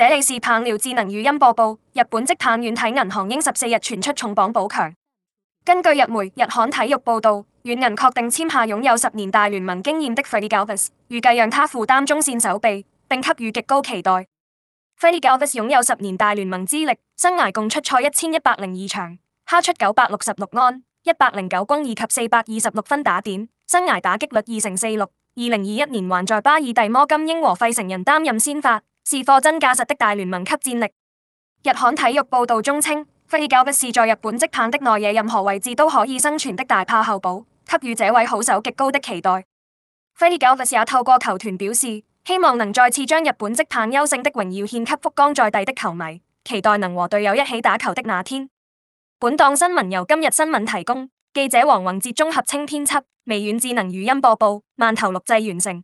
這裏是棒料智能語音播報。日本職棒軟體銀行鷹十四日傳出重磅補強。根據日媒《日刊體育》報道，軟銀確定簽下擁有十年大聯盟經驗的 Freddy Galvis，預計讓他負擔中線守備，並給予極高期待。Freddy Galvis 擁有十年大聯盟資歷，生涯共出賽一千一百零二場，敲出九百六十六安、一百零九轟以及四百二十六分打點，生涯打擊率二成四六。二零二一年還在巴爾蒂摩金鶯和費城人擔任先發。是貨真價實的大聯盟級戰力。日刊體育報道中稱，菲爾傑弗斯在日本職棒的內野任何位置都可以生存的大炮后補，給予這位好手極高的期待。菲爾傑弗斯也透過球團表示，希望能再次將日本職棒優勝的榮耀獻給福岡在地的球迷，期待能和隊友一起打球的那天。本檔新聞由今日新聞提供，記者黃宏哲綜合清編輯，微軟智能語音播報，慢頭錄製完成。